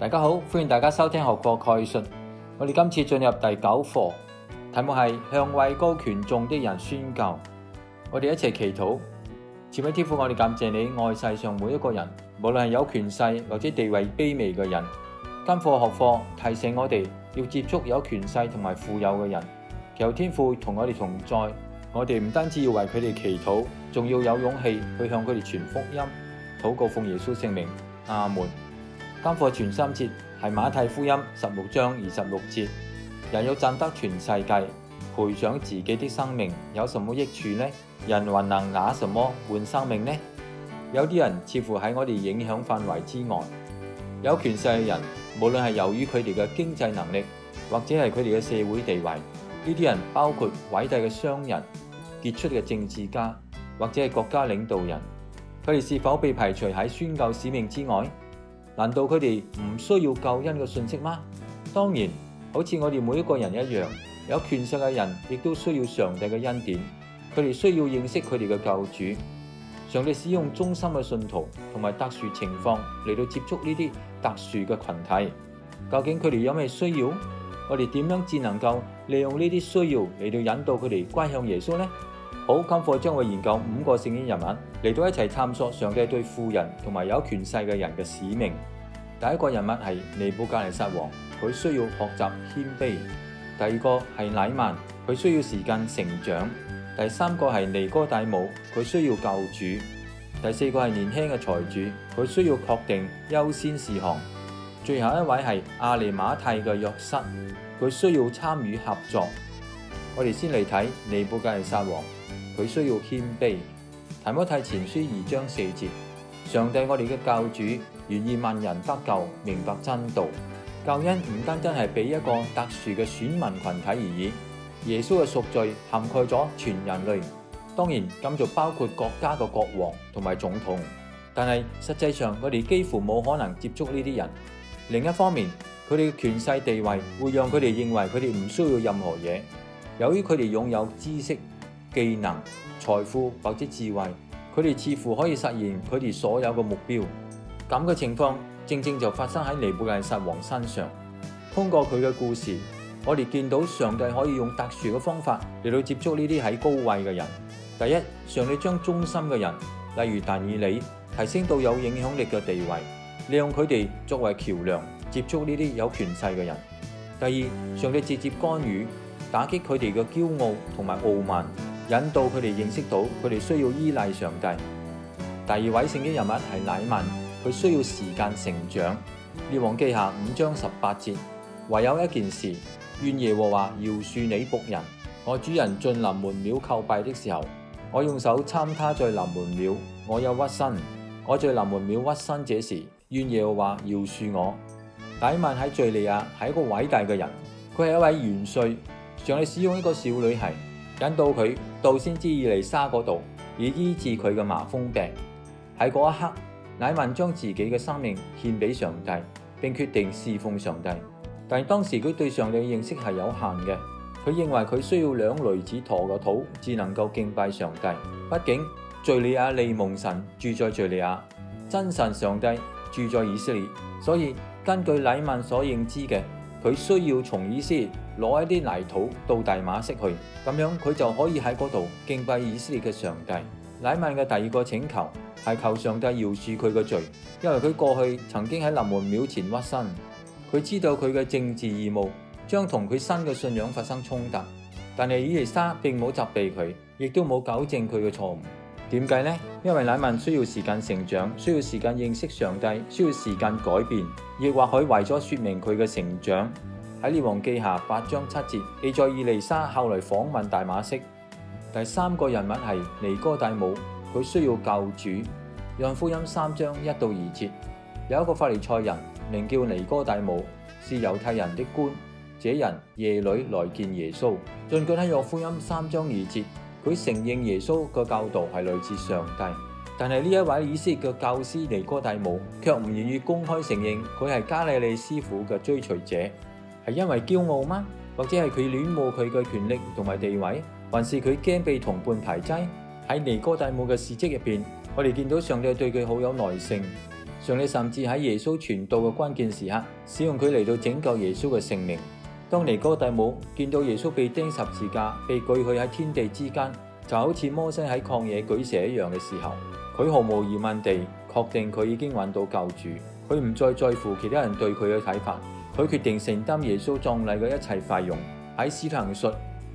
大家好，歡迎大家收聽學課概述。我哋今次進入第九課，題目係向位高權重的人宣教。我哋一齊祈禱，慈愛天父，我哋感謝你愛世上每一個人，無論係有權勢或者地位卑微嘅人。今課學課提醒我哋要接觸有權勢同埋富有嘅人。求天父同我哋同在，我哋唔單止要為佢哋祈禱，仲要有勇氣去向佢哋傳福音。禱告，奉耶穌聖名，阿門。今課全三節係馬太福音十六章二十六節，人要賺得全世界，賠償自己的生命，有什麼益處呢？人還能拿什麼換生命呢？有啲人似乎喺我哋影響範圍之外，有權勢嘅人，無論係由於佢哋嘅經濟能力，或者係佢哋嘅社會地位，呢啲人包括偉大嘅商人、傑出嘅政治家或者係國家領導人，佢哋是否被排除喺宣教使命之外？難道佢哋唔需要救恩嘅信息嗎？當然，好似我哋每一個人一樣，有權勢嘅人亦都需要上帝嘅恩典。佢哋需要認識佢哋嘅救主。上帝使用忠心嘅信徒同埋特殊情況嚟到接觸呢啲特殊嘅群體。究竟佢哋有咩需要？我哋點樣至能夠利用呢啲需要嚟到引導佢哋歸向耶穌呢？好，今課將會研究五個聖經人物嚟到一齊探索上帝對富人同埋有權勢嘅人嘅使命。第一個人物係尼布甲尼撒王，佢需要學習謙卑；第二個係乃縵，佢需要時間成長；第三個係尼哥德慕，佢需要救主；第四個係年輕嘅財主，佢需要確定優先事項；最後一位係亞利馬太嘅約瑟，佢需要參與合作。我哋先嚟睇尼布甲尼撒王。佢需要謙卑。提摩太前書二章四節，上帝我哋嘅教主願意萬人得救，明白真道。救恩唔單單係俾一個特殊嘅選民群體而已。耶穌嘅贖罪涵蓋咗全人類，當然咁就包括國家嘅國王同埋總統。但係實際上，佢哋幾乎冇可能接觸呢啲人。另一方面，佢哋嘅權勢地位會讓佢哋認為佢哋唔需要任何嘢。由於佢哋擁有知識，技能、財富或者智慧，佢哋似乎可以實現佢哋所有嘅目標。咁嘅情況正正就發生喺尼布甲尼撒王身上。通過佢嘅故事，我哋見到上帝可以用特殊嘅方法嚟到接觸呢啲喺高位嘅人。第一，上帝將忠心嘅人，例如但以理，提升到有影響力嘅地位，利用佢哋作為橋梁接觸呢啲有權勢嘅人。第二，上帝直接干預，打擊佢哋嘅驕傲同埋傲慢。引導佢哋認識到佢哋需要依賴上帝。第二位聖經人物係乃曼，佢需要時間成長。列王記下五章十八節，唯有一件事，願耶和華饒恕你僕人，我主人進臨門廟叩拜的時候，我用手攙他在臨門廟，我有屈身，我在臨門廟屈身這時，願耶和華饒恕我。乃曼喺敘利亞係一個偉大嘅人，佢係一位元帥，上帝使用一個少女孩引到佢到先知以利沙嗰度，以醫治佢嘅麻風病。喺嗰一刻，乃曼將自己嘅生命獻俾上帝，並決定侍奉上帝。但係當時佢對上帝嘅認識係有限嘅，佢認為佢需要兩驢子馱個土，至能夠敬拜上帝。畢竟敘利亞利蒙神住在敘利亞，真神上帝住在以色列，所以根據乃曼所認知嘅。佢需要從以色列攞一啲泥土到大馬色去，咁樣佢就可以喺嗰度敬拜以色列嘅上帝。乃曼嘅第二個請求係求上帝饒恕佢嘅罪，因為佢過去曾經喺臨門廟前屈身。佢知道佢嘅政治義務將同佢新嘅信仰發生衝突，但係以利沙並冇責備佢，亦都冇糾正佢嘅錯誤。點解呢？因為乃曼需要時間成長，需要時間認識上帝，需要時間改變，亦或許為咗說明佢嘅成長。喺列王記下八章七節記載，以利沙後來訪問大馬色。第三個人物係尼哥底母，佢需要救主。讓福音三章一到二節有一個法利賽人名叫尼哥底母，是猶太人的官。這人夜裏來見耶穌，盡管喺《若福音》三章二節。佢承認耶穌嘅教導係來自上帝，但係呢一位以色列嘅教師尼哥底母卻唔願意公開承認佢係加利利師傅嘅追隨者，係因為驕傲嗎？或者係佢戀慕佢嘅權力同埋地位，還是佢驚被同伴排擠？喺尼哥底母嘅事跡入邊，我哋見到上帝對佢好有耐性，上帝甚至喺耶穌傳道嘅關鍵時刻使用佢嚟到拯救耶穌嘅性命。當尼哥底母見到耶穌被釘十字架，被舉起喺天地之間，就好似摩西喺曠野舉蛇一樣嘅時候，佢毫無疑問地確定佢已經揾到救主，佢唔再在乎其他人對佢嘅睇法，佢決定承擔耶穌葬禮嘅一切費用。喺史壇述，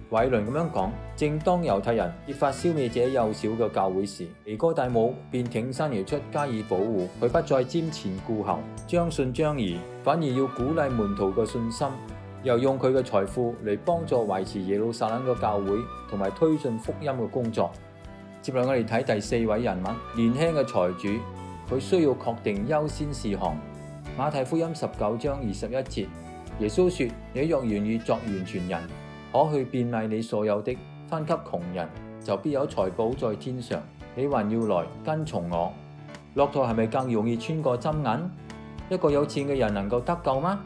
偉倫咁樣講：正當猶太人揭發消滅者幼小嘅教會時，尼哥底母便挺身而出加以保護，佢不再瞻前顧後，將信將疑，反而要鼓勵門徒嘅信心。又用佢嘅財富嚟幫助維持耶路撒冷嘅教會，同埋推進福音嘅工作。接落嚟我哋睇第四位人物年輕嘅財主，佢需要確定優先事項。馬太福音十九章二十一節，耶穌說：你若願意作完全人，可去變賣你所有的，分給窮人，就必有財寶在天上。你還要來跟從我。駱駝係咪更容易穿過針眼？一個有錢嘅人能夠得救嗎？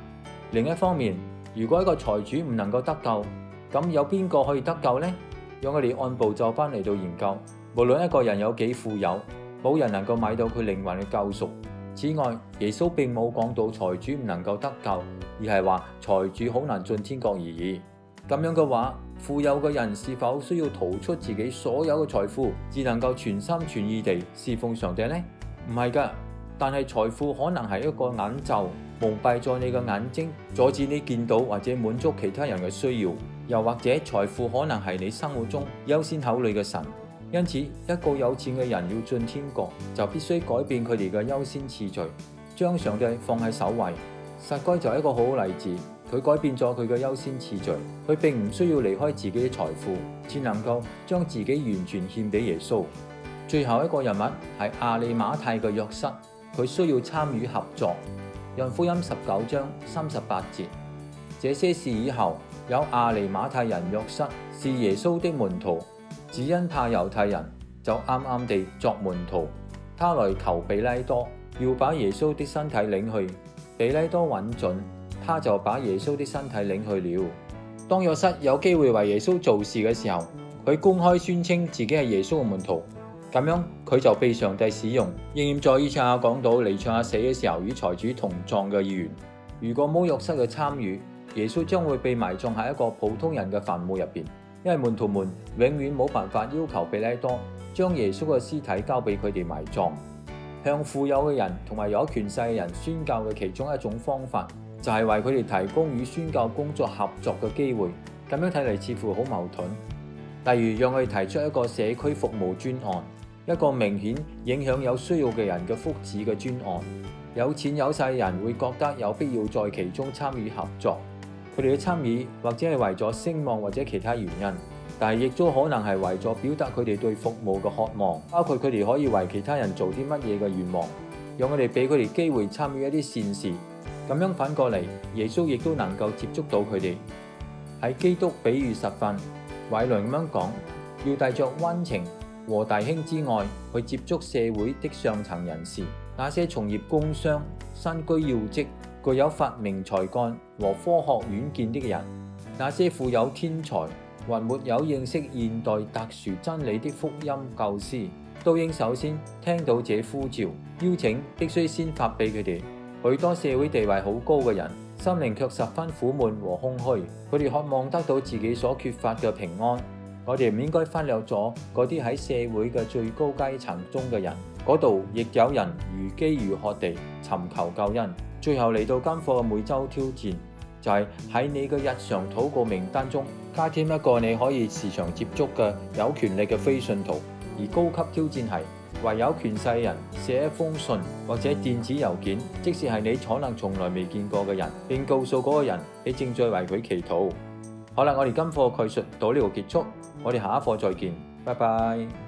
另一方面。如果一個財主唔能夠得救，咁有邊個可以得救呢？讓我哋按部就班嚟到研究。無論一個人有幾富有，冇人能夠買到佢靈魂嘅救贖。此外，耶穌並冇講到財主唔能夠得救，而係話財主好難進天國而已。咁樣嘅話，富有嘅人是否需要逃出自己所有嘅財富，只能夠全心全意地侍奉上帝呢？唔係噶，但係財富可能係一個眼罩。蒙蔽咗你嘅眼睛，阻止你見到或者滿足其他人嘅需要，又或者財富可能係你生活中優先考慮嘅神。因此，一個有錢嘅人要進天國，就必須改變佢哋嘅優先次序，將上帝放喺首位。撒該就係一個好例子，佢改變咗佢嘅優先次序，佢並唔需要離開自己嘅財富，先能夠將自己完全獻俾耶穌。最後一個人物係亞利馬太嘅約瑟，佢需要參與合作。《約翰福音》十九章三十八節，這些事以後，有亞利馬太人約瑟是耶穌的門徒，只因怕猶太人，就暗暗地作門徒。他來求比拉多，要把耶穌的身體領去。比拉多允准，他就把耶穌的身體領去了。當約瑟有機會為耶穌做事嘅時候，佢公開宣稱自己係耶穌嘅門徒。咁樣佢就被上帝使用。仍然在以賽亞書講到，彌賽亞死嘅時候與財主同葬嘅意願。如果冇約瑟嘅參與，耶穌將會被埋葬喺一個普通人嘅墳墓入邊。因為門徒們永遠冇辦法要求彼拉多將耶穌嘅屍體交俾佢哋埋葬。向富有嘅人同埋有權勢嘅人宣教嘅其中一種方法，就係為佢哋提供與宣教工作合作嘅機會。咁樣睇嚟似乎好矛盾。例如，讓佢哋提出一個社區服務專案。一個明顯影響有需要嘅人嘅福祉嘅專案，有錢有勢的人會覺得有必要在其中參與合作。佢哋嘅參與或者係為咗聲望或者其他原因，但係亦都可能係為咗表達佢哋對服務嘅渴望，包括佢哋可以為其他人做啲乜嘢嘅願望，讓佢哋俾佢哋機會參與一啲善事。咁樣反過嚟，耶穌亦都能夠接觸到佢哋。喺基督比喻實訓，委來咁樣講，要帶着溫情。和大興之外，去接觸社會的上層人士，那些從業工商、身居要職、具有發明才幹和科學遠見的人，那些富有天才，還沒有認識現代特殊真理的福音教師，都應首先聽到這呼召。邀請必須先發俾佢哋。許多社會地位好高嘅人，心靈卻十分苦悶和空虛，佢哋渴望得到自己所缺乏嘅平安。我哋唔應該忽略咗嗰啲喺社會嘅最高階層中嘅人，嗰度亦有人如飢如渴地尋求救恩。最後嚟到今課嘅每週挑戰就係、是、喺你嘅日常禱告名單中加添一個你可以時常接觸嘅有權利嘅非信徒。而高級挑戰係唯有權勢人寫一封信或者電子郵件，即使係你可能從來未見過嘅人，並告訴嗰個人你正在為佢祈禱。好啦，我哋今課嘅概述到呢度結束，我哋下一課再見，拜拜。